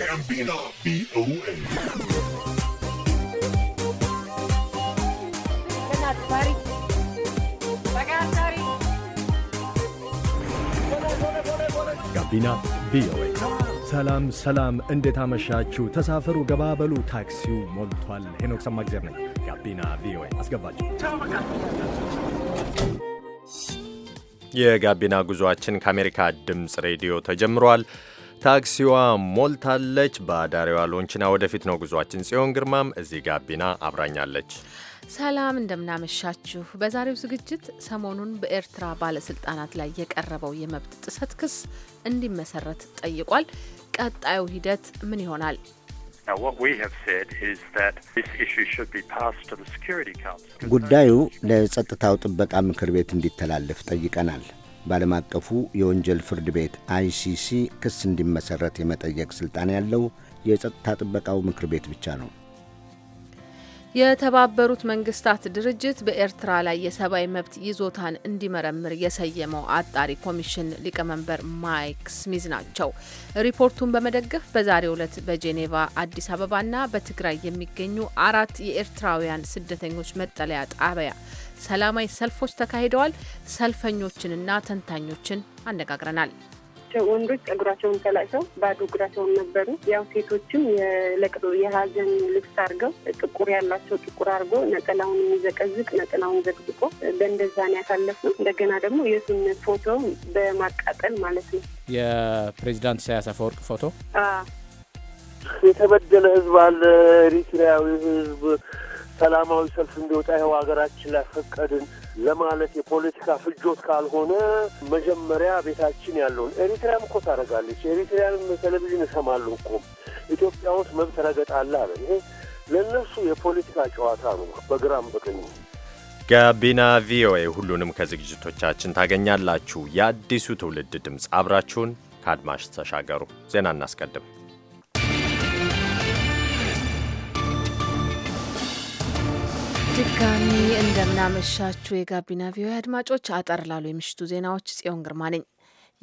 ጋቢና ቪኦኤ ጋቢና ቪኦኤ። ሰላም ሰላም፣ እንዴት አመሻችሁ? ተሳፈሩ፣ ገባበሉ፣ ታክሲው ሞልቷል። ሄኖክ ሰማግዜር ነኝ። ጋቢና ቪኦኤ አስገባችሁ። የጋቢና ጉዞአችን ከአሜሪካ ድምፅ ሬዲዮ ተጀምሯል። ታክሲዋ ሞልታለች። በአዳሪዋ ሎንችና ወደፊት ነው ጉዟችን። ጽዮን ግርማም እዚህ ጋቢና አብራኛለች። ሰላም እንደምናመሻችሁ። በዛሬው ዝግጅት ሰሞኑን በኤርትራ ባለስልጣናት ላይ የቀረበው የመብት ጥሰት ክስ እንዲመሰረት ጠይቋል። ቀጣዩ ሂደት ምን ይሆናል? ጉዳዩ ለጸጥታው ጥበቃ ምክር ቤት እንዲተላለፍ ጠይቀናል። በዓለም አቀፉ የወንጀል ፍርድ ቤት አይሲሲ ክስ እንዲመሠረት የመጠየቅ ሥልጣን ያለው የጸጥታ ጥበቃው ምክር ቤት ብቻ ነው። የተባበሩት መንግስታት ድርጅት በኤርትራ ላይ የሰብአዊ መብት ይዞታን እንዲመረምር የሰየመው አጣሪ ኮሚሽን ሊቀመንበር ማይክ ስሚዝ ናቸው። ሪፖርቱን በመደገፍ በዛሬው ዕለት በጄኔቫ አዲስ አበባና በትግራይ የሚገኙ አራት የኤርትራውያን ስደተኞች መጠለያ ጣቢያ ሰላማዊ ሰልፎች ተካሂደዋል። ሰልፈኞችንና ተንታኞችን አነጋግረናል። ወንዶች ጸጉራቸውን ተላጭተው ባዶ እግራቸውን ነበሩ። ያው ሴቶችም የለቅሶ የሀዘን ልብስ አድርገው ጥቁር ያላቸው ጥቁር አድርጎ ነጠላውን የሚዘቀዝቅ ነጠላውን ዘቅዝቆ በእንደዛ ነው እንደገና ደግሞ የሱን ፎቶ በማቃጠል ማለት ነው የፕሬዚዳንት ኢሳያስ አፈወርቅ ፎቶ የተበደለ ህዝብ አለ ኤሪትሪያዊ ህዝብ ሰላማዊ ሰልፍ እንዲወጣ ይኸው ሀገራችን ላይ ፈቀድን ለማለት የፖለቲካ ፍጆት ካልሆነ መጀመሪያ ቤታችን ያለውን ኤሪትሪያም እኮ ታደርጋለች። ኤሪትሪያንም ቴሌቪዥን እሰማለሁ እኮ ኢትዮጵያ ውስጥ መብት ረገጣለ አለ። ይሄ ለእነሱ የፖለቲካ ጨዋታ ነው፣ በግራም በቀኝ ጋቢና ቪኦኤ። ሁሉንም ከዝግጅቶቻችን ታገኛላችሁ። የአዲሱ ትውልድ ድምፅ፣ አብራችሁን ከአድማሽ ተሻገሩ። ዜና እናስቀድም። ድጋሚ እንደምናመሻችሁ የጋቢና ቪኦኤ አድማጮች፣ አጠር ላሉ የምሽቱ ዜናዎች ጽዮን ግርማ ነኝ።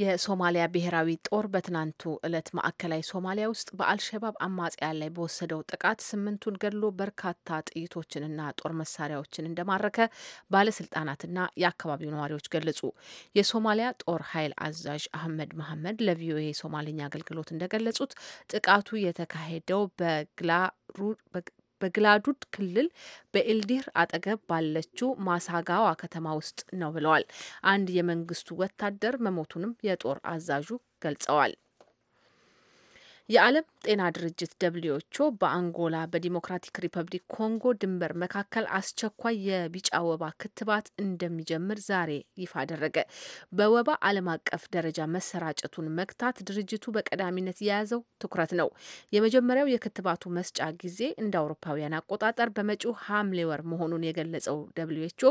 የሶማሊያ ብሔራዊ ጦር በትናንቱ ዕለት ማዕከላዊ ሶማሊያ ውስጥ በአልሸባብ አማጽያን ላይ በወሰደው ጥቃት ስምንቱን ገድሎ በርካታ ጥይቶችንና ጦር መሳሪያዎችን እንደማረከ ባለስልጣናትና የአካባቢው ነዋሪዎች ገለጹ። የሶማሊያ ጦር ኃይል አዛዥ አህመድ መሐመድ ለቪኦኤ ሶማሊኛ አገልግሎት እንደገለጹት ጥቃቱ የተካሄደው በግላ በግላዱድ ክልል በኤልዲር አጠገብ ባለችው ማሳጋዋ ከተማ ውስጥ ነው ብለዋል። አንድ የመንግስቱ ወታደር መሞቱንም የጦር አዛዡ ገልጸዋል። የዓለም ጤና ድርጅት ደብሊዎቾ በአንጎላ በዲሞክራቲክ ሪፐብሊክ ኮንጎ ድንበር መካከል አስቸኳይ የቢጫ ወባ ክትባት እንደሚጀምር ዛሬ ይፋ አደረገ። በወባ ዓለም አቀፍ ደረጃ መሰራጨቱን መግታት ድርጅቱ በቀዳሚነት የያዘው ትኩረት ነው። የመጀመሪያው የክትባቱ መስጫ ጊዜ እንደ አውሮፓውያን አቆጣጠር በመጪው ሐምሌ ወር መሆኑን የገለጸው ደብሊዎቾ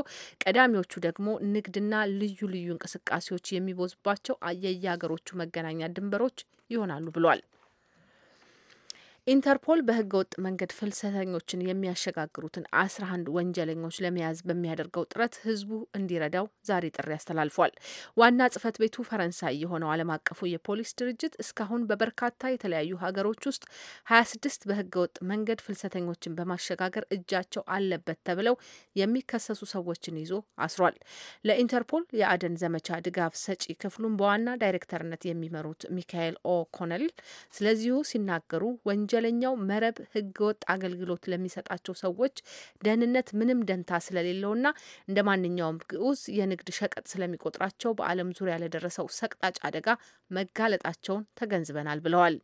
ቀዳሚዎቹ ደግሞ ንግድና ልዩ ልዩ እንቅስቃሴዎች የሚበዙባቸው የየሀገሮቹ መገናኛ ድንበሮች ይሆናሉ ብሏል። ኢንተርፖል በህገ ወጥ መንገድ ፍልሰተኞችን የሚያሸጋግሩትን አስራ አንድ ወንጀለኞች ለመያዝ በሚያደርገው ጥረት ህዝቡ እንዲረዳው ዛሬ ጥሪ አስተላልፏል። ዋና ጽህፈት ቤቱ ፈረንሳይ የሆነው ዓለም አቀፉ የፖሊስ ድርጅት እስካሁን በበርካታ የተለያዩ ሀገሮች ውስጥ ሀያ ስድስት በህገ ወጥ መንገድ ፍልሰተኞችን በማሸጋገር እጃቸው አለበት ተብለው የሚከሰሱ ሰዎችን ይዞ አስሯል። ለኢንተርፖል የአደን ዘመቻ ድጋፍ ሰጪ ክፍሉን በዋና ዳይሬክተርነት የሚመሩት ሚካኤል ኦኮነል ስለዚሁ ሲናገሩ ወንጀል ወንጀለኛው መረብ ህገወጥ አገልግሎት ለሚሰጣቸው ሰዎች ደህንነት ምንም ደንታ ስለሌለውና እንደ ማንኛውም ግዑዝ የንግድ ሸቀጥ ስለሚቆጥራቸው በዓለም ዙሪያ ለደረሰው ሰቅጣጭ አደጋ መጋለጣቸውን ተገንዝበናል ብለዋል።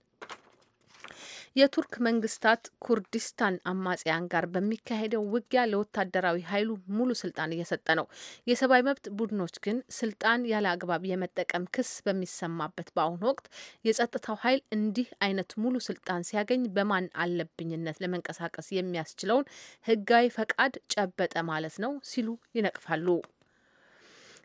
የቱርክ መንግስታት ኩርዲስታን አማጽያን ጋር በሚካሄደው ውጊያ ለወታደራዊ ኃይሉ ሙሉ ስልጣን እየሰጠ ነው። የሰብአዊ መብት ቡድኖች ግን ስልጣን ያለ አግባብ የመጠቀም ክስ በሚሰማበት በአሁኑ ወቅት የጸጥታው ኃይል እንዲህ አይነት ሙሉ ስልጣን ሲያገኝ በማን አለብኝነት ለመንቀሳቀስ የሚያስችለውን ህጋዊ ፈቃድ ጨበጠ ማለት ነው ሲሉ ይነቅፋሉ።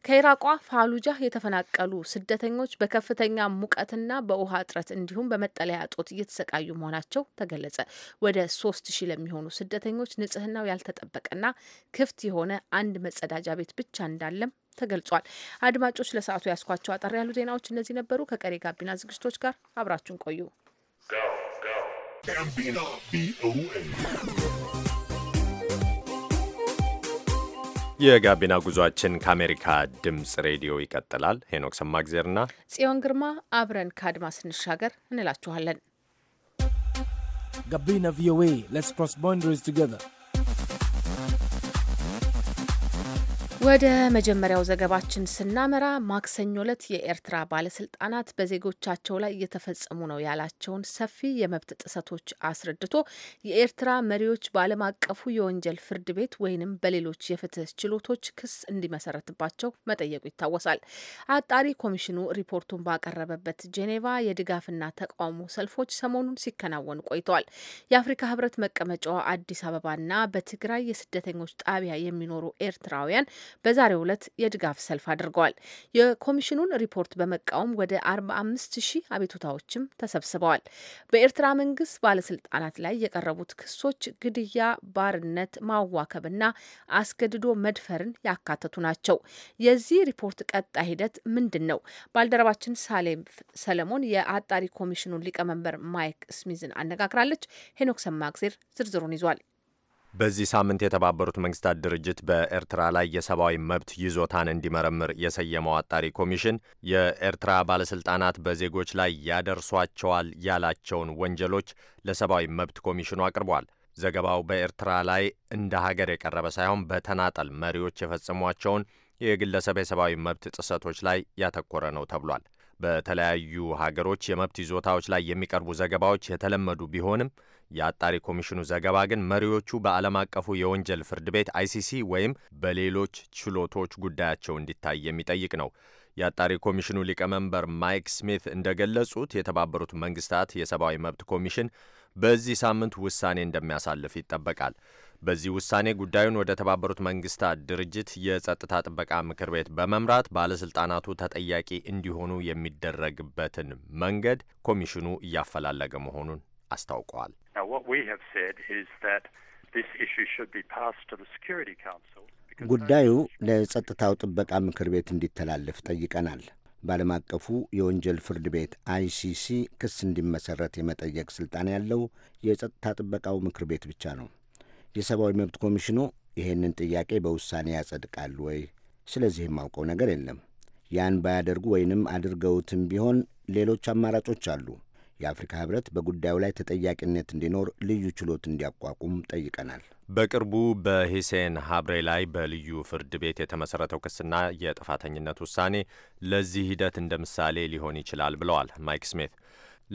ከኢራቋ ፋሉጃ የተፈናቀሉ ስደተኞች በከፍተኛ ሙቀትና በውሃ እጥረት እንዲሁም በመጠለያ እጦት እየተሰቃዩ መሆናቸው ተገለጸ። ወደ ሶስት ሺህ ለሚሆኑ ስደተኞች ንጽህናው ያልተጠበቀና ክፍት የሆነ አንድ መጸዳጃ ቤት ብቻ እንዳለም ተገልጿል። አድማጮች ለሰዓቱ ያስኳቸው አጠር ያሉ ዜናዎች እነዚህ ነበሩ። ከቀሪ ጋቢና ዝግጅቶች ጋር አብራችሁን ቆዩ። የጋቢና ጉዟችን ከአሜሪካ ድምፅ ሬዲዮ ይቀጥላል። ሄኖክ ሰማግዜርና ጽዮን ግርማ አብረን ከአድማ ስንሻገር እንላችኋለን። ጋቢና ቪኦኤ ሌትስ ክሮስ ቦንደሪስ ቱጌዘር ወደ መጀመሪያው ዘገባችን ስናመራ ማክሰኞ ዕለት የኤርትራ ባለስልጣናት በዜጎቻቸው ላይ እየተፈጸሙ ነው ያላቸውን ሰፊ የመብት ጥሰቶች አስረድቶ የኤርትራ መሪዎች በዓለም አቀፉ የወንጀል ፍርድ ቤት ወይንም በሌሎች የፍትህ ችሎቶች ክስ እንዲመሰረትባቸው መጠየቁ ይታወሳል። አጣሪ ኮሚሽኑ ሪፖርቱን ባቀረበበት ጄኔቫ የድጋፍና ተቃውሞ ሰልፎች ሰሞኑን ሲከናወኑ ቆይተዋል። የአፍሪካ ህብረት መቀመጫዋ አዲስ አበባና በትግራይ የስደተኞች ጣቢያ የሚኖሩ ኤርትራውያን በዛሬው ዕለት የድጋፍ ሰልፍ አድርገዋል። የኮሚሽኑን ሪፖርት በመቃወም ወደ 45 ሺህ አቤቱታዎችም ተሰብስበዋል። በኤርትራ መንግስት ባለስልጣናት ላይ የቀረቡት ክሶች ግድያ፣ ባርነት፣ ማዋከብና አስገድዶ መድፈርን ያካተቱ ናቸው። የዚህ ሪፖርት ቀጣይ ሂደት ምንድን ነው? ባልደረባችን ሳሌም ሰለሞን የአጣሪ ኮሚሽኑን ሊቀመንበር ማይክ ስሚዝን አነጋግራለች። ሄኖክ ሰማግዜር ዝርዝሩን ይዟል። በዚህ ሳምንት የተባበሩት መንግስታት ድርጅት በኤርትራ ላይ የሰብአዊ መብት ይዞታን እንዲመረምር የሰየመው አጣሪ ኮሚሽን የኤርትራ ባለስልጣናት በዜጎች ላይ ያደርሷቸዋል ያላቸውን ወንጀሎች ለሰብአዊ መብት ኮሚሽኑ አቅርቧል። ዘገባው በኤርትራ ላይ እንደ ሀገር የቀረበ ሳይሆን በተናጠል መሪዎች የፈጸሟቸውን የግለሰብ የሰብአዊ መብት ጥሰቶች ላይ ያተኮረ ነው ተብሏል። በተለያዩ ሀገሮች የመብት ይዞታዎች ላይ የሚቀርቡ ዘገባዎች የተለመዱ ቢሆንም የአጣሪ ኮሚሽኑ ዘገባ ግን መሪዎቹ በዓለም አቀፉ የወንጀል ፍርድ ቤት አይሲሲ ወይም በሌሎች ችሎቶች ጉዳያቸው እንዲታይ የሚጠይቅ ነው። የአጣሪ ኮሚሽኑ ሊቀመንበር ማይክ ስሚት እንደገለጹት የተባበሩት መንግስታት የሰብአዊ መብት ኮሚሽን በዚህ ሳምንት ውሳኔ እንደሚያሳልፍ ይጠበቃል። በዚህ ውሳኔ ጉዳዩን ወደ ተባበሩት መንግስታት ድርጅት የጸጥታ ጥበቃ ምክር ቤት በመምራት ባለስልጣናቱ ተጠያቂ እንዲሆኑ የሚደረግበትን መንገድ ኮሚሽኑ እያፈላለገ መሆኑን አስታውቀዋል። ጉዳዩ ለጸጥታው ጥበቃ ምክር ቤት እንዲተላለፍ ጠይቀናል። በዓለም አቀፉ የወንጀል ፍርድ ቤት አይሲሲ ክስ እንዲመሠረት የመጠየቅ ሥልጣን ያለው የጸጥታ ጥበቃው ምክር ቤት ብቻ ነው። የሰብአዊ መብት ኮሚሽኑ ይህንን ጥያቄ በውሳኔ ያጸድቃል ወይ? ስለዚህ የማውቀው ነገር የለም። ያን ባያደርጉ ወይንም አድርገውትም ቢሆን ሌሎች አማራጮች አሉ። የአፍሪካ ህብረት በጉዳዩ ላይ ተጠያቂነት እንዲኖር ልዩ ችሎት እንዲያቋቁም ጠይቀናል። በቅርቡ በሂሴን ሀብሬ ላይ በልዩ ፍርድ ቤት የተመሰረተው ክስና የጥፋተኝነት ውሳኔ ለዚህ ሂደት እንደ ምሳሌ ሊሆን ይችላል ብለዋል ማይክ ስሚት።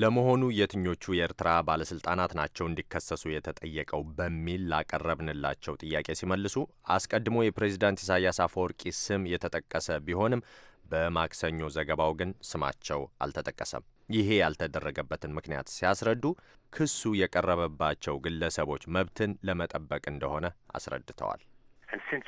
ለመሆኑ የትኞቹ የኤርትራ ባለስልጣናት ናቸው እንዲከሰሱ የተጠየቀው በሚል ላቀረብንላቸው ጥያቄ ሲመልሱ አስቀድሞ የፕሬዚዳንት ኢሳያስ አፈወርቂ ስም የተጠቀሰ ቢሆንም በማክሰኞ ዘገባው ግን ስማቸው አልተጠቀሰም። ይሄ ያልተደረገበትን ምክንያት ሲያስረዱ ክሱ የቀረበባቸው ግለሰቦች መብትን ለመጠበቅ እንደሆነ አስረድተዋል። uh,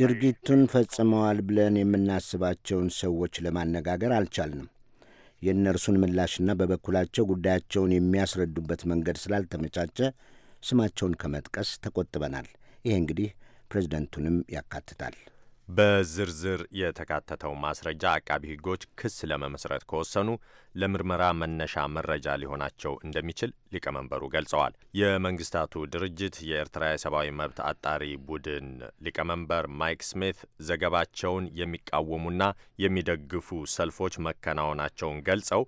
ድርጊቱን ፈጽመዋል ብለን የምናስባቸውን ሰዎች ለማነጋገር አልቻልንም። የእነርሱን ምላሽና በበኩላቸው ጉዳያቸውን የሚያስረዱበት መንገድ ስላልተመቻቸ ስማቸውን ከመጥቀስ ተቆጥበናል። ይሄ እንግዲህ ፕሬዝደንቱንም ያካትታል። በዝርዝር የተካተተው ማስረጃ አቃቢ ሕጎች ክስ ለመመስረት ከወሰኑ ለምርመራ መነሻ መረጃ ሊሆናቸው እንደሚችል ሊቀመንበሩ ገልጸዋል። የመንግስታቱ ድርጅት የኤርትራ የሰብአዊ መብት አጣሪ ቡድን ሊቀመንበር ማይክ ስሚት ዘገባቸውን የሚቃወሙና የሚደግፉ ሰልፎች መከናወናቸውን ገልጸው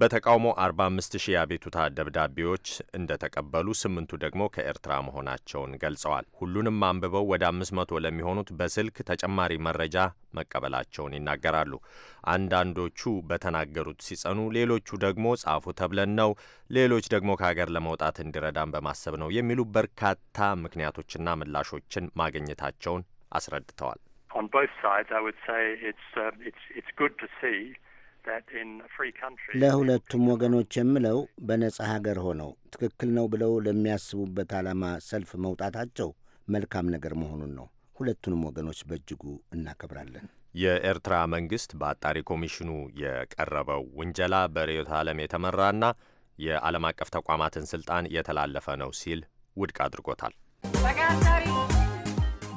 በተቃውሞ 45 ሺህ የአቤቱታ ደብዳቤዎች እንደተቀበሉ ስምንቱ ደግሞ ከኤርትራ መሆናቸውን ገልጸዋል። ሁሉንም አንብበው ወደ 500 ለሚሆኑት በስልክ ተጨማሪ መረጃ መቀበላቸውን ይናገራሉ። አንዳንዶቹ በተናገሩት ሲጸኑ፣ ሌሎቹ ደግሞ ጻፉ ተብለን ነው፣ ሌሎች ደግሞ ከሀገር ለመውጣት እንዲረዳን በማሰብ ነው የሚሉ በርካታ ምክንያቶችና ምላሾችን ማግኘታቸውን አስረድተዋል። On both sides, I would say it's, um, it's, it's good to see ለሁለቱም ወገኖች የምለው በነጻ ሀገር ሆነው ትክክል ነው ብለው ለሚያስቡበት ዓላማ ሰልፍ መውጣታቸው መልካም ነገር መሆኑን ነው። ሁለቱንም ወገኖች በእጅጉ እናከብራለን። የኤርትራ መንግስት በአጣሪ ኮሚሽኑ የቀረበው ውንጀላ በርዕዮተ ዓለም የተመራና የዓለም አቀፍ ተቋማትን ስልጣን የተላለፈ ነው ሲል ውድቅ አድርጎታል።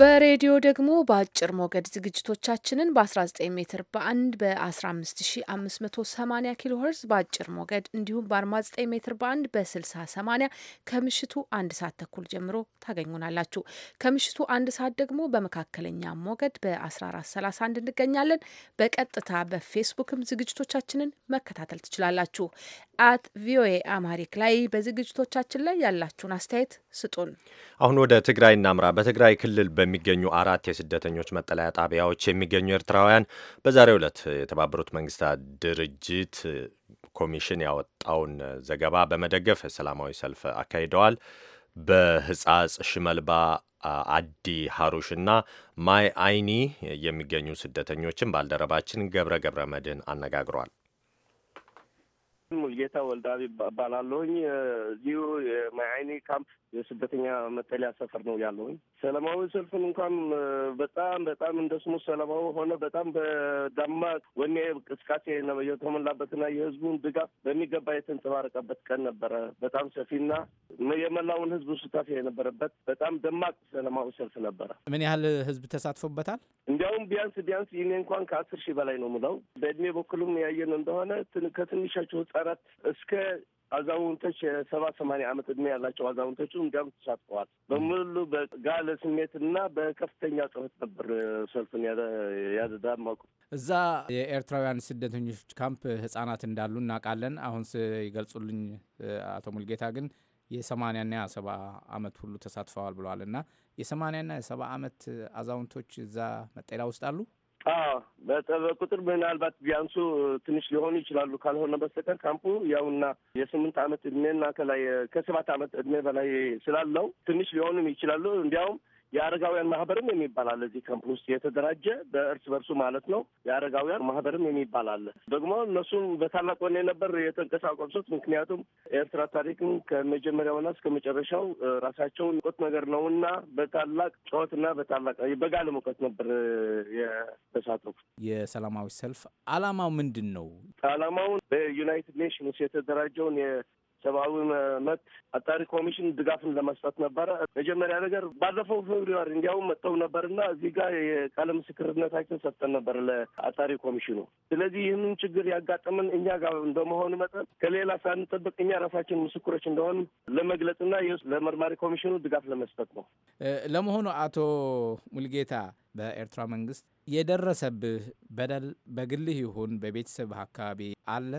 በሬዲዮ ደግሞ በአጭር ሞገድ ዝግጅቶቻችንን በ19 ሜትር በአንድ በ15580 ኪሎ ሄርዝ በአጭር ሞገድ እንዲሁም በ49 ሜትር በአንድ በ6080 ከምሽቱ አንድ ሰዓት ተኩል ጀምሮ ታገኙናላችሁ። ከምሽቱ አንድ ሰዓት ደግሞ በመካከለኛ ሞገድ በ1431 እንገኛለን። በቀጥታ በፌስቡክም ዝግጅቶቻችንን መከታተል ትችላላችሁ። አት ቪኦኤ አማሪክ ላይ በዝግጅቶቻችን ላይ ያላችሁን አስተያየት ስጡን። አሁን ወደ ትግራይ እናምራ። በትግራይ ክልል በ በሚገኙ አራት የስደተኞች መጠለያ ጣቢያዎች የሚገኙ ኤርትራውያን በዛሬው ዕለት የተባበሩት መንግስታት ድርጅት ኮሚሽን ያወጣውን ዘገባ በመደገፍ ሰላማዊ ሰልፍ አካሂደዋል። በህጻጽ ሽመልባ አዲ ሀሩሽና ማይ አይኒ የሚገኙ ስደተኞችን ባልደረባችን ገብረ ገብረ መድህን አነጋግሯል። ሙልጌታ ወልዳቢ እባላለሁኝ። እዚሁ ማይ አይኒ ካምፕ የስደተኛ መጠለያ ሰፈር ነው ያለሁኝ። ሰላማዊ ሰልፍን እንኳን በጣም በጣም እንደ ስሙ ሰላማዊ ሆነ በጣም በደማቅ ወኔ እንቅስቃሴ የተሞላበትና የህዝቡን ድጋፍ በሚገባ የተንጸባረቀበት ቀን ነበረ። በጣም ሰፊና የመላውን ህዝብ ሱታፊ የነበረበት በጣም ደማቅ ሰላማዊ ሰልፍ ነበረ። ምን ያህል ህዝብ ተሳትፎበታል? እንዲያውም ቢያንስ ቢያንስ ይኔ እንኳን ከአስር ሺህ በላይ ነው ምለው በእድሜ በኩልም ያየን እንደሆነ ከትንሻቸው ህጻናት እስከ አዛውንቶች የሰባ ሰማንያ ዓመት ዕድሜ ያላቸው አዛውንቶቹ እንዲያውም ተሳትፈዋል። በሙሉ በጋለ ስሜትና በከፍተኛ ጽፈት ነበር ሰልፍን ያደዳ እዛ የኤርትራውያን ስደተኞች ካምፕ ህጻናት እንዳሉ እናውቃለን። አሁን ይገልጹልኝ አቶ ሙልጌታ ግን የሰማንያና የሰባ ዓመት ሁሉ ተሳትፈዋል ብለዋል እና የሰማንያና የሰባ ዓመት አዛውንቶች እዛ መጠለያ ውስጥ አሉ። በቁጥር ምናልባት ቢያንሱ ትንሽ ሊሆኑ ይችላሉ። ካልሆነ በስተቀር ካምፑ ያውና የስምንት አመት እድሜና ከላይ ከሰባት አመት እድሜ በላይ ስላለው ትንሽ ሊሆኑም ይችላሉ። እንዲያውም የአረጋውያን ማህበርም የሚባል አለ። እዚህ ካምፕ ውስጥ የተደራጀ በእርስ በርሱ ማለት ነው። የአረጋውያን ማህበርም የሚባል አለ። ደግሞ እነሱም በታላቅ ወኔ ነበር የተንቀሳቀሱት። ምክንያቱም ኤርትራ ታሪክም ከመጀመሪያውና እስከ መጨረሻው ራሳቸውን ቁት ነገር ነው እና በታላቅ ጨዋታና በታላቅ በጋለ ሙቀት ነበር የተሳተፉት። የሰላማዊ ሰልፍ አላማው ምንድን ነው? አላማውን በዩናይትድ ኔሽንስ የተደራጀውን ሰብአዊ መብት አጣሪ ኮሚሽን ድጋፍን ለመስጠት ነበረ። መጀመሪያ ነገር ባለፈው ፌብሪዋሪ እንዲያውም መጥተው ነበርና እዚህ ጋር የቃለ ምስክርነታችን ሰጥተን ነበር ለአጣሪ ኮሚሽኑ። ስለዚህ ይህንን ችግር ያጋጠመን እኛ ጋር እንደመሆኑ መጠን ከሌላ ሳንጠብቅ እኛ ራሳችን ምስክሮች እንደሆን ለመግለጽና ለመርማሪ ኮሚሽኑ ድጋፍ ለመስጠት ነው። ለመሆኑ አቶ ሙልጌታ በኤርትራ መንግስት የደረሰብህ በደል በግልህ ይሁን በቤተሰብ አካባቢ አለ?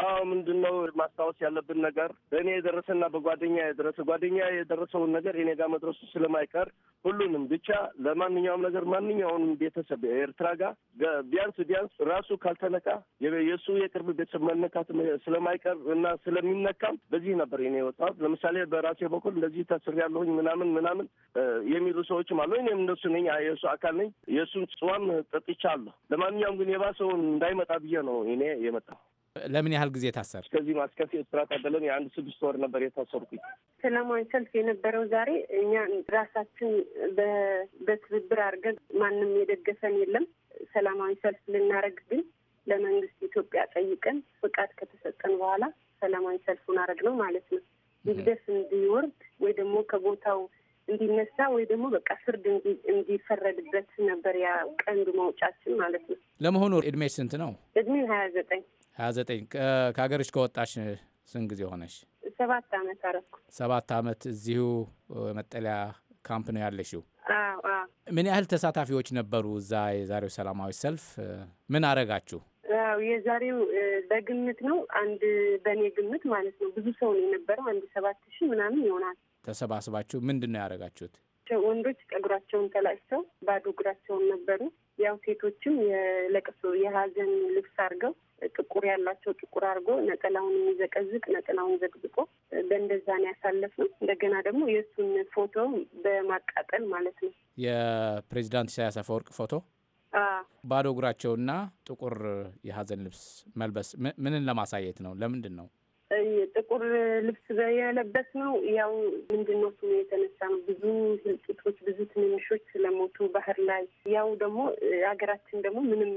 አዎ ምንድን ነው ማስታወስ ያለብን ነገር በእኔ የደረሰና በጓደኛ የደረሰ ጓደኛ የደረሰውን ነገር የኔ ጋር መድረሱ ስለማይቀር ሁሉንም ብቻ ለማንኛውም ነገር ማንኛውንም ቤተሰብ ኤርትራ ጋር ቢያንስ ቢያንስ ራሱ ካልተነቃ የእሱ የቅርብ ቤተሰብ መነካት ስለማይቀር እና ስለሚነካም በዚህ ነበር ኔ ወጣት። ለምሳሌ በራሴ በኩል እንደዚህ ተስር ያለሁኝ ምናምን ምናምን የሚሉ ሰዎችም አሉ። እኔም እንደሱ ነኝ፣ የእሱ አካል ነኝ። የእሱን ጽዋም ጠጥቻለሁ። ለማንኛውም ግን የባሰውን እንዳይመጣ ብዬ ነው እኔ የመጣው። ለምን ያህል ጊዜ ታሰር? እስከዚህ ማስከፊ አስከፊ እስራት አይደለም። የአንድ ስድስት ወር ነበር የታሰርኩኝ። ሰላማዊ ሰልፍ የነበረው ዛሬ እኛ ራሳችን በትብብር አድርገን ማንም የደገፈን የለም። ሰላማዊ ሰልፍ ልናደርግ ግን ለመንግስት ኢትዮጵያ ጠይቀን ፍቃድ ከተሰጠን በኋላ ሰላማዊ ሰልፉን አረግ ነው ማለት ነው። ይግደፍ እንዲወርድ ወይ ደግሞ ከቦታው እንዲነሳ ወይ ደግሞ በቃ ፍርድ እንዲፈረድበት ነበር ያ ቀንዱ መውጫችን ማለት ነው። ለመሆኑ እድሜ ስንት ነው? እድሜ ሀያ ዘጠኝ ሀያ ዘጠኝ ከሀገርሽ ከወጣሽ ስን ጊዜ ሆነሽ? ሰባት አመት አረኩ። ሰባት አመት እዚሁ መጠለያ ካምፕ ነው ያለሽው? ምን ያህል ተሳታፊዎች ነበሩ እዛ የዛሬው ሰላማዊ ሰልፍ ምን አረጋችሁ? ያው የዛሬው በግምት ነው አንድ በእኔ ግምት ማለት ነው ብዙ ሰው ነው የነበረው አንድ ሰባት ሺህ ምናምን ይሆናል። ተሰባስባችሁ ምንድን ነው ያደረጋችሁት? ያላቸው ወንዶች ጸጉራቸውን ተላጭተው ባዶ እግራቸውን ነበሩ። ያው ሴቶችም የለቅሶ የሀዘን ልብስ አድርገው ጥቁር ያላቸው ጥቁር አድርጎ ነጠላውን የሚዘቀዝቅ ነጠላውን ዘቅዝቆ በእንደዛ ነው ያሳለፍነው። እንደገና ደግሞ የእሱን ፎቶ በማቃጠል ማለት ነው የፕሬዚዳንት ኢሳያስ አፈወርቅ ፎቶ ባዶ እግራቸውና ጥቁር የሀዘን ልብስ መልበስ ምንን ለማሳየት ነው? ለምንድን ነው ጥቁር ልብስ የለበስ ነው። ያው ምንድን ነው ስሙ የተነሳ ነው። ብዙ ህልቂቶች፣ ብዙ ትንንሾች ስለሞቱ ባህር ላይ ያው ደግሞ ሀገራችን ደግሞ ምንም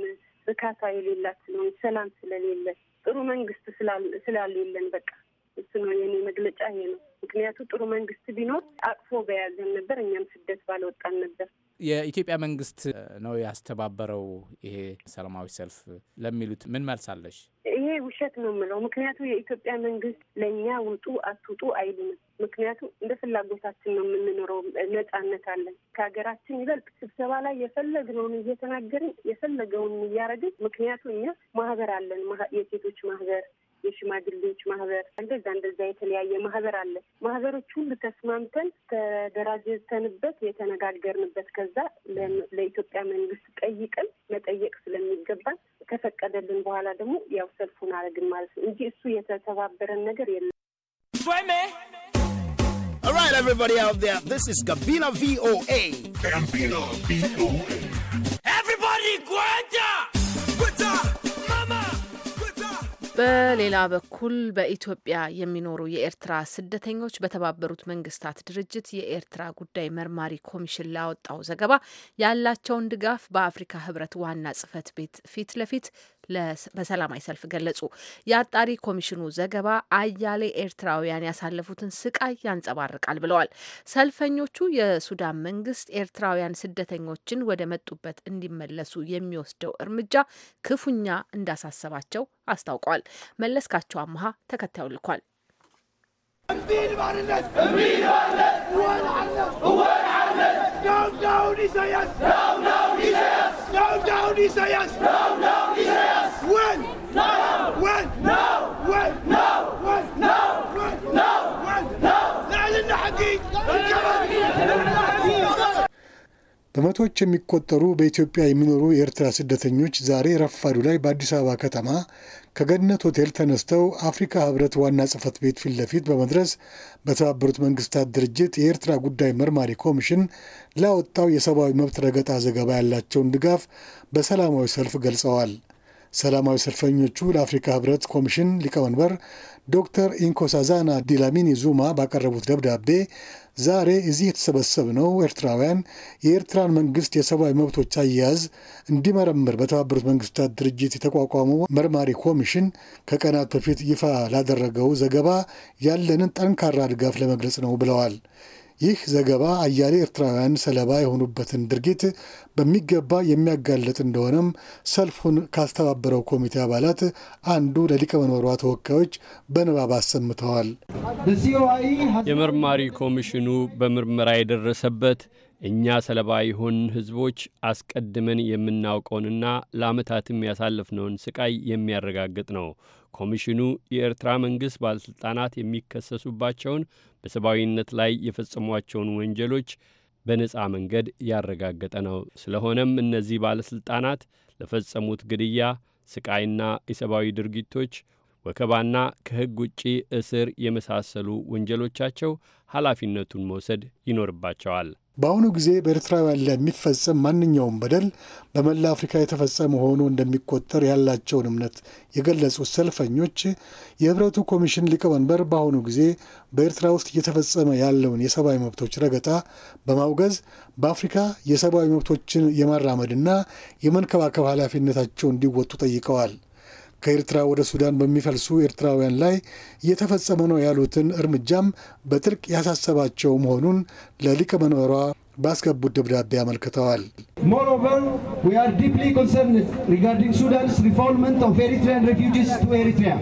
እርካታ የሌላት ስለሆነ ሰላም ስለሌለ ጥሩ መንግስት ስላልየለን በቃ እሱ ነው የኔ መግለጫ ይሄ ነው። ምክንያቱ ጥሩ መንግስት ቢኖር አቅፎ በያዘን ነበር፣ እኛም ስደት ባለወጣን ነበር። የኢትዮጵያ መንግስት ነው ያስተባበረው ይሄ ሰላማዊ ሰልፍ ለሚሉት ምን መልሳለሽ? ይሄ ውሸት ነው የምለው። ምክንያቱ የኢትዮጵያ መንግስት ለእኛ ውጡ አትውጡ አይሉንም። ምክንያቱ እንደ ፍላጎታችን ነው የምንኖረው፣ ነጻነት አለን። ከሀገራችን ይበልጥ ስብሰባ ላይ የፈለግነውን እየተናገርን የፈለገውን እያረግን፣ ምክንያቱ እኛ ማህበር አለን፣ የሴቶች ማህበር የሽማግሌዎች ማህበር እንደዛ እንደዛ የተለያየ ማህበር አለ። ማህበሮች ሁሉ ተስማምተን ተደራጀተንበት የተነጋገርንበት ከዛ ለኢትዮጵያ መንግስት ጠይቅን መጠየቅ ስለሚገባን ከፈቀደልን በኋላ ደግሞ ያው ሰልፉን አረግን ማለት ነው እንጂ እሱ የተተባበረን ነገር የለም። All right, everybody out there, this is Gabina VOA. Gabina VOA. Everybody, Guanta! በሌላ በኩል በኢትዮጵያ የሚኖሩ የኤርትራ ስደተኞች በተባበሩት መንግስታት ድርጅት የኤርትራ ጉዳይ መርማሪ ኮሚሽን ላወጣው ዘገባ ያላቸውን ድጋፍ በአፍሪካ ሕብረት ዋና ጽህፈት ቤት ፊት ለፊት በሰላማዊ ሰልፍ ገለጹ። የአጣሪ ኮሚሽኑ ዘገባ አያሌ ኤርትራውያን ያሳለፉትን ስቃይ ያንጸባርቃል ብለዋል። ሰልፈኞቹ የሱዳን መንግስት ኤርትራውያን ስደተኞችን ወደ መጡበት እንዲመለሱ የሚወስደው እርምጃ ክፉኛ እንዳሳሰባቸው አስታውቋል። መለስካቸው አመሀ ተከታዩ ልኳል። በመቶዎች የሚቆጠሩ በኢትዮጵያ የሚኖሩ የኤርትራ ስደተኞች ዛሬ ረፋዱ ላይ በአዲስ አበባ ከተማ ከገነት ሆቴል ተነስተው አፍሪካ ህብረት ዋና ጽህፈት ቤት ፊት ለፊት በመድረስ በተባበሩት መንግስታት ድርጅት የኤርትራ ጉዳይ መርማሪ ኮሚሽን ላወጣው የሰብአዊ መብት ረገጣ ዘገባ ያላቸውን ድጋፍ በሰላማዊ ሰልፍ ገልጸዋል። ሰላማዊ ሰልፈኞቹ ለአፍሪካ ህብረት ኮሚሽን ሊቀመንበር ዶክተር ኢንኮሳዛና ዲላሚኒ ዙማ ባቀረቡት ደብዳቤ ዛሬ እዚህ የተሰበሰብነው ኤርትራውያን የኤርትራን መንግስት የሰብአዊ መብቶች አያያዝ እንዲመረምር በተባበሩት መንግስታት ድርጅት የተቋቋመው መርማሪ ኮሚሽን ከቀናት በፊት ይፋ ላደረገው ዘገባ ያለንን ጠንካራ ድጋፍ ለመግለጽ ነው ብለዋል። ይህ ዘገባ አያሌ ኤርትራውያን ሰለባ የሆኑበትን ድርጊት በሚገባ የሚያጋለጥ እንደሆነም ሰልፉን ካስተባበረው ኮሚቴ አባላት አንዱ ለሊቀመንበሯ ተወካዮች በንባብ አሰምተዋል። የመርማሪ ኮሚሽኑ በምርመራ የደረሰበት እኛ ሰለባ የሆን ህዝቦች አስቀድመን የምናውቀውንና ለዓመታትም ያሳለፍነውን ስቃይ የሚያረጋግጥ ነው። ኮሚሽኑ የኤርትራ መንግሥት ባለሥልጣናት የሚከሰሱባቸውን በሰብአዊነት ላይ የፈጸሟቸውን ወንጀሎች በነፃ መንገድ ያረጋገጠ ነው። ስለሆነም እነዚህ ባለሥልጣናት ለፈጸሙት ግድያ፣ ስቃይና የሰብአዊ ድርጊቶች ወከባና ከሕግ ውጪ እስር የመሳሰሉ ወንጀሎቻቸው ኃላፊነቱን መውሰድ ይኖርባቸዋል። በአሁኑ ጊዜ በኤርትራውያን ላይ የሚፈጸም ማንኛውም በደል በመላ አፍሪካ የተፈጸመ ሆኖ እንደሚቆጠር ያላቸውን እምነት የገለጹት ሰልፈኞች የህብረቱ ኮሚሽን ሊቀመንበር በአሁኑ ጊዜ በኤርትራ ውስጥ እየተፈጸመ ያለውን የሰብአዊ መብቶች ረገጣ በማውገዝ በአፍሪካ የሰብአዊ መብቶችን የማራመድና የመንከባከብ ኃላፊነታቸው እንዲወጡ ጠይቀዋል። ከኤርትራ ወደ ሱዳን በሚፈልሱ ኤርትራውያን ላይ እየተፈጸመ ነው ያሉትን እርምጃም በጥልቅ ያሳሰባቸው መሆኑን ለሊቀመንበሯ ባስገቡት ደብዳቤ አመልክተዋል። ሞሮቨር ዊ አር ዲፕሊ ኮንሰርን ሪጋርዲንግ ሱዳንስ ሪንፎልመንት ኦፍ ኤሪትሪያን ሬፊውጂስ ቱ ኤሪትሪያ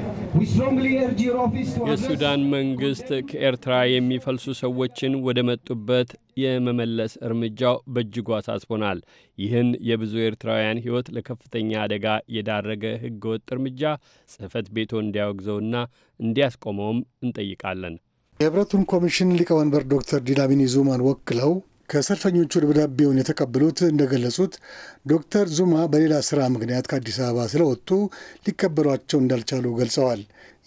የሱዳን መንግስት ከኤርትራ የሚፈልሱ ሰዎችን ወደ መጡበት የመመለስ እርምጃው በእጅጉ አሳስቦናል። ይህን የብዙ ኤርትራውያን ሕይወት ለከፍተኛ አደጋ የዳረገ ሕገወጥ እርምጃ ጽሕፈት ቤቶ እንዲያወግዘውና እንዲያስቆመውም እንጠይቃለን። የህብረቱን ኮሚሽን ሊቀመንበር ዶክተር ዲላሚኒ ዙማን ወክለው ከሰልፈኞቹ ደብዳቤውን የተቀበሉት እንደገለጹት ዶክተር ዙማ በሌላ ስራ ምክንያት ከአዲስ አበባ ስለወጡ ሊከበሏቸው እንዳልቻሉ ገልጸዋል።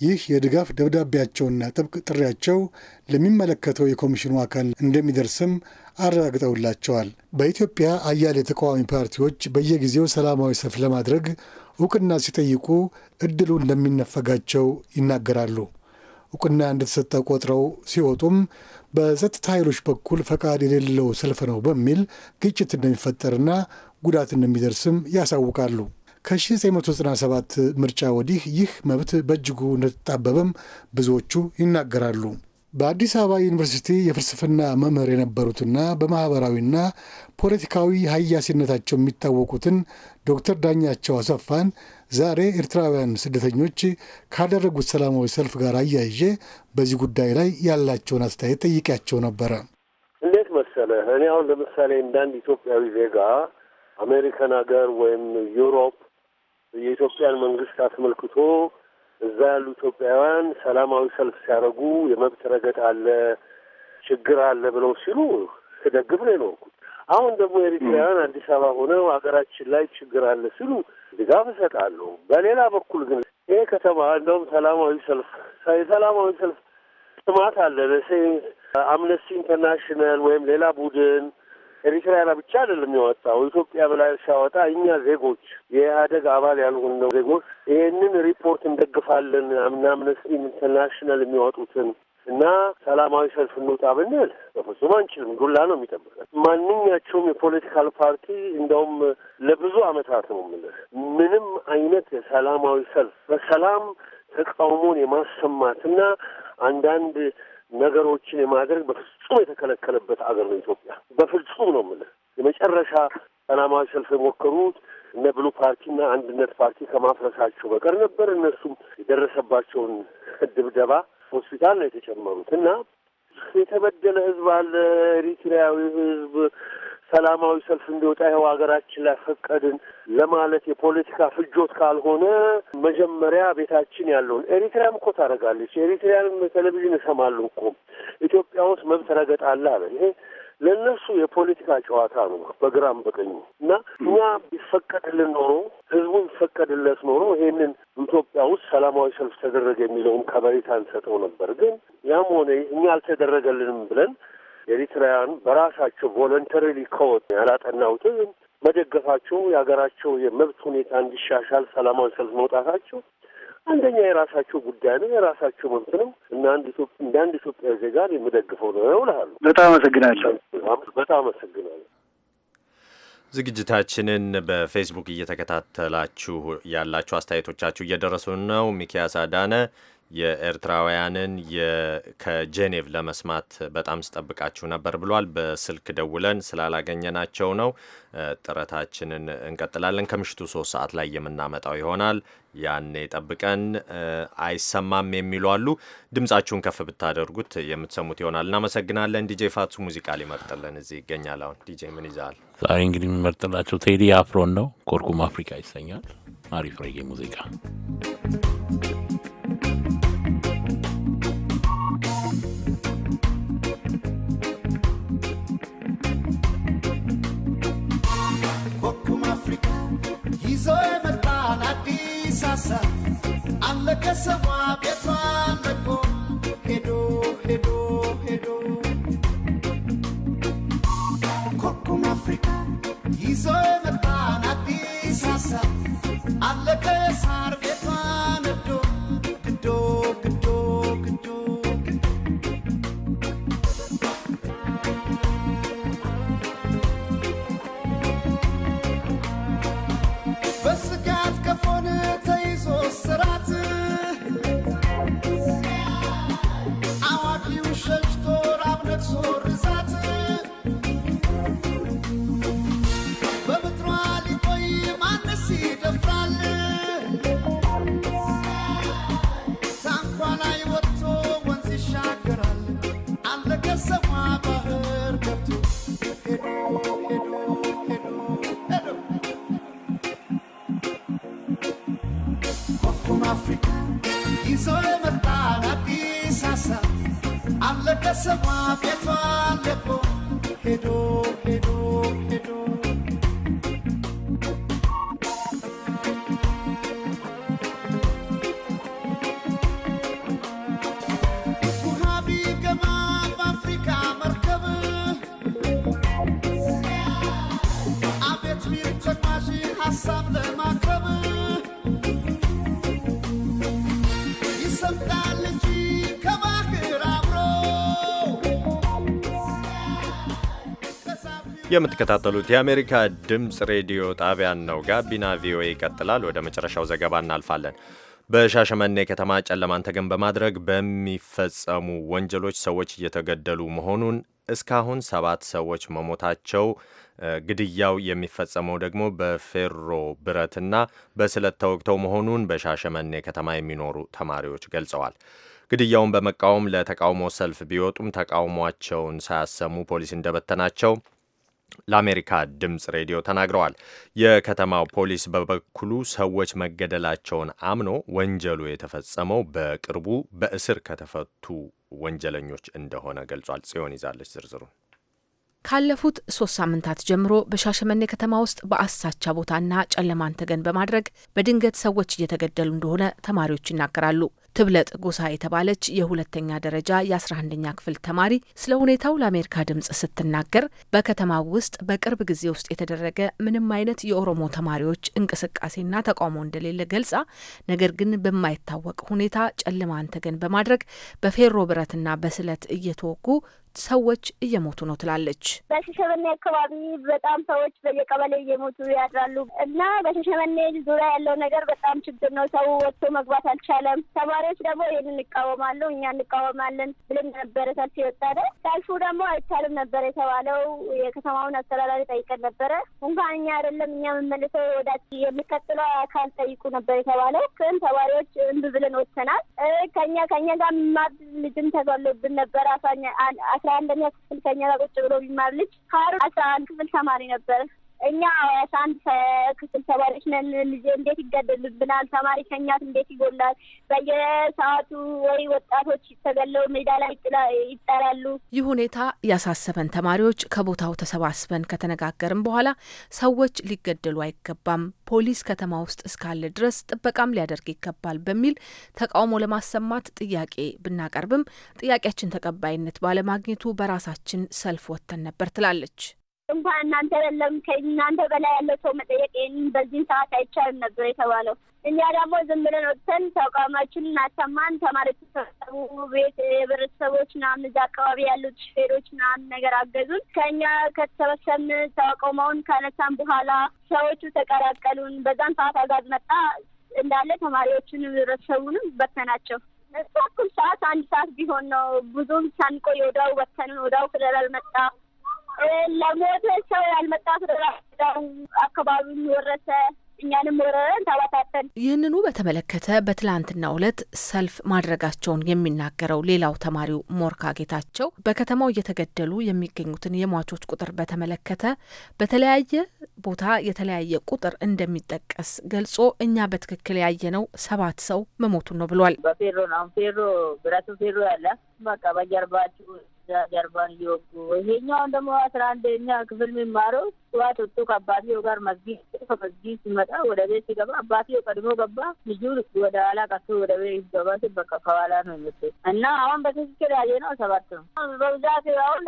ይህ የድጋፍ ደብዳቤያቸውና ጥብቅ ጥሪያቸው ለሚመለከተው የኮሚሽኑ አካል እንደሚደርስም አረጋግጠውላቸዋል። በኢትዮጵያ አያሌ ተቃዋሚ ፓርቲዎች በየጊዜው ሰላማዊ ሰልፍ ለማድረግ እውቅና ሲጠይቁ እድሉ እንደሚነፈጋቸው ይናገራሉ። እውቅና እንደተሰጠ ቆጥረው ሲወጡም በጸጥታ ኃይሎች በኩል ፈቃድ የሌለው ሰልፍ ነው በሚል ግጭት እንደሚፈጠርና ጉዳት እንደሚደርስም ያሳውቃሉ። ከ1997 ምርጫ ወዲህ ይህ መብት በእጅጉ እንደተጣበበም ብዙዎቹ ይናገራሉ። በአዲስ አበባ ዩኒቨርሲቲ የፍልስፍና መምህር የነበሩትና በማኅበራዊና ፖለቲካዊ ሀያሲነታቸው የሚታወቁትን ዶክተር ዳኛቸው አሰፋን ዛሬ ኤርትራውያን ስደተኞች ካደረጉት ሰላማዊ ሰልፍ ጋር አያይዤ በዚህ ጉዳይ ላይ ያላቸውን አስተያየት ጠይቄያቸው ነበረ። እንዴት መሰለህ፣ እኔ አሁን ለምሳሌ እንዳንድ ኢትዮጵያዊ ዜጋ አሜሪካን ሀገር ወይም ዩሮፕ የኢትዮጵያን መንግስት አስመልክቶ እዛ ያሉ ኢትዮጵያውያን ሰላማዊ ሰልፍ ሲያደርጉ የመብት ረገጥ አለ ችግር አለ ብለው ሲሉ ስደግፍ ነው የኖርኩት። አሁን ደግሞ ኤሪትራውያን አዲስ አበባ ሆነው ሀገራችን ላይ ችግር አለ ሲሉ ድጋፍ እሰጣለሁ። በሌላ በኩል ግን ይሄ ከተማ እንደውም ሰላማዊ ሰልፍ የሰላማዊ ሰልፍ ጥማት አለ። አምነስቲ ኢንተርናሽናል ወይም ሌላ ቡድን ኤሪትራያን ብቻ አይደለም ያወጣው ኢትዮጵያ ብላ ሲያወጣ እኛ ዜጎች የኢህአደግ አባል ነው ዜጎች ይሄንን ሪፖርት እንደግፋለን። አምነስቲ ኢንተርናሽናል የሚያወጡትን እና ሰላማዊ ሰልፍ እንውጣ ብንል በፍጹም አንችልም። ዱላ ነው የሚጠብቀን። ማንኛቸውም የፖለቲካል ፓርቲ እንደውም ለብዙ አመታት ነው የምልህ ምንም አይነት የሰላማዊ ሰልፍ በሰላም ተቃውሞን የማሰማትና አንዳንድ ነገሮችን የማድረግ በፍጹም የተከለከለበት አገር ነው ኢትዮጵያ። በፍጹም ነው የምልህ የመጨረሻ ሰላማዊ ሰልፍ የሞከሩት እነ ብሉ ፓርቲና አንድነት ፓርቲ ከማፍረሳቸው በቀር ነበር። እነሱም የደረሰባቸውን ድብደባ ሆስፒታል ነው የተጨመሩት እና የተበደለ ህዝብ አለ። ኤሪትሪያዊ ህዝብ ሰላማዊ ሰልፍ እንዲወጣ ይኸው ሀገራችን ላይ ፈቀድን ለማለት የፖለቲካ ፍጆት ካልሆነ መጀመሪያ ቤታችን ያለውን ኤሪትሪያም እኮ ታደርጋለች። ኤሪትሪያንም ቴሌቪዥን እሰማለሁ እኮ ኢትዮጵያ ውስጥ መብት ረገጣ አለ አለ። ይሄ ለእነሱ የፖለቲካ ጨዋታ ነው በግራም በቀኙ እና እኛ ቢፈቀድልን ኖሮ ህዝቡ ቢፈቀድለት ኖሮ ይሄንን ኢትዮጵያ ውስጥ ሰላማዊ ሰልፍ ተደረገ የሚለውን ከበሬታ እንሰጠው ነበር። ግን ያም ሆነ እኛ አልተደረገልንም ብለን ኤሪትራውያን በራሳቸው ቮለንተሪሊ ከወጡ ያላጠናውትን መደገፋቸው የሀገራቸው የመብት ሁኔታ እንዲሻሻል ሰላማዊ ሰልፍ መውጣታቸው አንደኛ የራሳቸው ጉዳይ ነው፣ የራሳቸው መብት ነው እና አንድ እንደ አንድ ኢትዮጵያ ዜጋ የምደግፈው ነው እልሃለሁ። በጣም አመሰግናለሁ። በጣም አመሰግናለሁ። ዝግጅታችንን በፌስቡክ እየተከታተላችሁ ያላችሁ አስተያየቶቻችሁ እየደረሱን ነው። ሚኪያስ አዳነ የኤርትራውያንን ከጄኔቭ ለመስማት በጣም ስጠብቃችሁ ነበር ብሏል። በስልክ ደውለን ስላላገኘናቸው ነው። ጥረታችንን እንቀጥላለን። ከምሽቱ ሶስት ሰዓት ላይ የምናመጣው ይሆናል። ያኔ ጠብቀን። አይሰማም የሚሉ አሉ። ድምጻችሁን ከፍ ብታደርጉት የምትሰሙት ይሆናል። እናመሰግናለን። ዲጄ ፋቱ ሙዚቃ ሊመርጥልን እዚህ ይገኛል። አሁን ዲጄ ምን ይዛል? ዛሬ እንግዲህ የሚመርጥላቸው ቴዲ አፍሮን ነው። ኮርኩም አፍሪካ ይሰኛል። አሪፍ ሬጌ ሙዚቃ casa, alla casa va የምትከታተሉት የአሜሪካ ድምፅ ሬዲዮ ጣቢያን ነው። ጋቢና ቪኦኤ ይቀጥላል። ወደ መጨረሻው ዘገባ እናልፋለን። በሻሸመኔ ከተማ ጨለማን ተገን በማድረግ በሚፈጸሙ ወንጀሎች ሰዎች እየተገደሉ መሆኑን እስካሁን ሰባት ሰዎች መሞታቸው ግድያው የሚፈጸመው ደግሞ በፌሮ ብረትና በስለት ተወግተው መሆኑን በሻሸመኔ ከተማ የሚኖሩ ተማሪዎች ገልጸዋል። ግድያውን በመቃወም ለተቃውሞ ሰልፍ ቢወጡም ተቃውሟቸውን ሳያሰሙ ፖሊስ እንደበተናቸው ለአሜሪካ ድምፅ ሬዲዮ ተናግረዋል። የከተማው ፖሊስ በበኩሉ ሰዎች መገደላቸውን አምኖ ወንጀሉ የተፈጸመው በቅርቡ በእስር ከተፈቱ ወንጀለኞች እንደሆነ ገልጿል። ጽዮን ይዛለች ዝርዝሩን ካለፉት ሶስት ሳምንታት ጀምሮ በሻሸመኔ ከተማ ውስጥ በአሳቻ ቦታና ጨለማን ተገን በማድረግ በድንገት ሰዎች እየተገደሉ እንደሆነ ተማሪዎች ይናገራሉ። ትብለጥ ጎሳ የተባለች የሁለተኛ ደረጃ የ11ኛ ክፍል ተማሪ ስለ ሁኔታው ለአሜሪካ ድምፅ ስትናገር በከተማው ውስጥ በቅርብ ጊዜ ውስጥ የተደረገ ምንም አይነት የኦሮሞ ተማሪዎች እንቅስቃሴና ተቃውሞ እንደሌለ ገልጻ፣ ነገር ግን በማይታወቅ ሁኔታ ጨለማን ተገን በማድረግ በፌሮ ብረትና በስለት እየተወጉ ሰዎች እየሞቱ ነው ትላለች። በሸሸመኔ አካባቢ በጣም ሰዎች በየቀበሌ እየሞቱ ያድራሉ እና በሸሸመኔ ዙሪያ ያለው ነገር በጣም ችግር ነው። ሰው ወጥቶ መግባት አልቻለም። ተማሪዎች ደግሞ ይህን እንቃወማለሁ እኛ እንቃወማለን ብለን ነበረ ሰልፍ የወጣደ። ሰልፉ ደግሞ አይቻልም ነበር የተባለው። የከተማውን አስተዳዳሪ ጠይቀን ነበረ። እንኳን እኛ አይደለም እኛ የምመልሰው ወዳችን የሚቀጥለው አካል ጠይቁ ነበር የተባለው። ግን ተማሪዎች እምቢ ብለን ወጥተናል። ከኛ ከኛ ጋር ማድ ልጅም ተገሎብን ነበር አሳኛ አስራ አንደኛ ክፍል ከኛ ጋር ቁጭ ብሎ ቢማር ልጅ ሀሩን አስራ አንድ ክፍል ተማሪ ነበር። እኛ ሳንት ክፍል ተማሪዎች ነን። ልጅ እንዴት ይገደልብናል? ተማሪ ከኛት እንዴት ይጎላል? በየሰዓቱ ወይ ወጣቶች ተገለው ሜዳ ላይ ይጠላሉ። ይህ ሁኔታ ያሳሰበን ተማሪዎች ከቦታው ተሰባስበን ከተነጋገርን በኋላ ሰዎች ሊገደሉ አይገባም፣ ፖሊስ ከተማ ውስጥ እስካለ ድረስ ጥበቃም ሊያደርግ ይገባል በሚል ተቃውሞ ለማሰማት ጥያቄ ብናቀርብም ጥያቄያችን ተቀባይነት ባለማግኘቱ በራሳችን ሰልፍ ወጥተን ነበር ትላለች። እንኳን እናንተ የለም ከእናንተ በላይ ያለ ሰው መጠየቅ ይህን በዚህን ሰዓት አይቻልም ነበር የተባለው። እኛ ደግሞ ዝም ብለን ወጥተን ተቋማችንን አሰማን። ተማሪዎች ተሰሩ ቤት የህብረተሰቦች ምናምን እዛ አካባቢ ያሉት ሹፌሮች ምናምን ነገር አገዙን። ከእኛ ከተሰበሰብን ተቋማውን ከነሳን በኋላ ሰዎቹ ተቀላቀሉን። በዛም ሰዓት አጋዝ መጣ እንዳለ ተማሪዎቹንም ህብረተሰቡንም በተናቸው። እሱ እኩል ሰዓት አንድ ሰዓት ቢሆን ነው ብዙም ሳንቆይ ወዳው በተንን። ወዳው ፌደራል መጣ። ለሞተ ሰው ያልመጣ ፍደራዳሩ አካባቢውን ወረሰ እኛንም ወረረን ተባታተን። ይህንኑ በተመለከተ በትላንትናው ዕለት ሰልፍ ማድረጋቸውን የሚናገረው ሌላው ተማሪው ሞርካ ጌታቸው በከተማው እየተገደሉ የሚገኙትን የሟቾች ቁጥር በተመለከተ በተለያየ ቦታ የተለያየ ቁጥር እንደሚጠቀስ ገልጾ እኛ በትክክል ያየነው ሰባት ሰው መሞቱን ነው ብሏል። በፌሮ ነው ፌሮ ብረቱ ፌሮ ያለ በቃ በጀርባችሁ ጀርባን እየወጉ ይሄኛውን ደግሞ አስራ አንደኛ ክፍል የሚማረው ጠዋት እሱቅ አባትየው ጋር መስጊድ ከመስጊድ ሲመጣ ወደ ቤት ሲገባ አባትየው ቀድሞ ገባ። ልጁ ወደ ኋላ ቀሱ ወደ ቤት ሲገባ በቃ ከኋላ ነው የመጡ እና አሁን በትክክል ያየ ነው ሰባት ነው በብዛት አሁን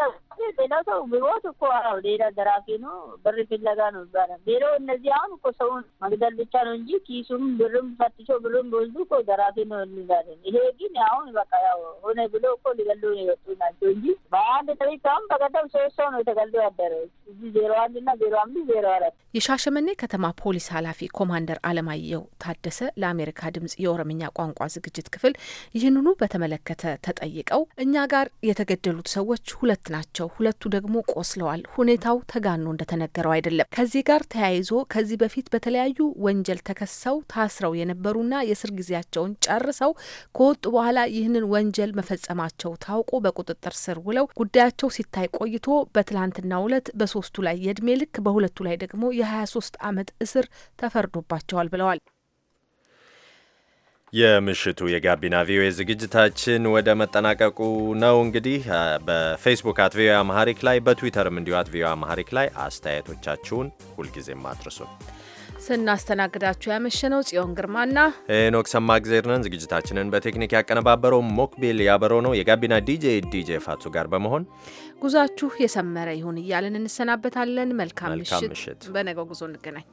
ሌላው ሰው ቢሞት እኮ ሌላ ዘራፊ ነው ብር ፍለጋ ነው ይባላል። ሌላው እነዚህ አሁን እኮ ሰውን መግደል ብቻ ነው እንጂ ኪሱም ብርም ፈትሾ ብርም በወዙ እኮ ዘራፊ ነው እንላለን። ይሄ ግን አሁን በቃ ያው ሆነ ብሎ እኮ ሊገሉ የወጡ ናቸው እንጂ በአንድ ጥሪት አሁን በቀደም ሶስት ሰው ነው የተገሉ ያደረ እዚህ ዜሮ አንድ ና ዜሮ አምስት ዜሮ አራት የሻሸመኔ ከተማ ፖሊስ ኃላፊ ኮማንደር አለማየሁ ታደሰ ለአሜሪካ ድምጽ የኦሮምኛ ቋንቋ ዝግጅት ክፍል ይህንኑ በተመለከተ ተጠይቀው እኛ ጋር የተገደሉት ሰዎች ሁለት ናቸው፣ ሁለቱ ደግሞ ቆስለዋል። ሁኔታው ተጋኖ እንደተነገረው አይደለም። ከዚህ ጋር ተያይዞ ከዚህ በፊት በተለያዩ ወንጀል ተከሰው ታስረው የነበሩና የስር ጊዜያቸውን ጨርሰው ከወጡ በኋላ ይህንን ወንጀል መፈጸማቸው ታውቆ በቁጥጥር ስር ውለው ጉዳያቸው ሲታይ ቆይቶ በትላንትናው ዕለት በሶስቱ ላይ የእድሜ ልክ ልክ በሁለቱ ላይ ደግሞ የ23 ዓመት እስር ተፈርዶባቸዋል ብለዋል። የምሽቱ የጋቢና ቪኦኤ ዝግጅታችን ወደ መጠናቀቁ ነው። እንግዲህ በፌስቡክ አት ቪኦኤ አማሐሪክ ላይ በትዊተርም እንዲሁ አት ቪኦኤ አማሐሪክ ላይ አስተያየቶቻችሁን ሁልጊዜም አድርሱን። ስናስተናግዳችሁ ያመሸነው ጽዮን ግርማና ሄኖክ ሰማ ግዜርነን። ዝግጅታችንን በቴክኒክ ያቀነባበረው ሞክቤል ያበሮ ነው። የጋቢና ዲጄ ዲጄ ፋቱ ጋር በመሆን ጉዟችሁ የሰመረ ይሁን እያለን እንሰናበታለን። መልካም ምሽት። በነገው ጉዞ እንገናኝ።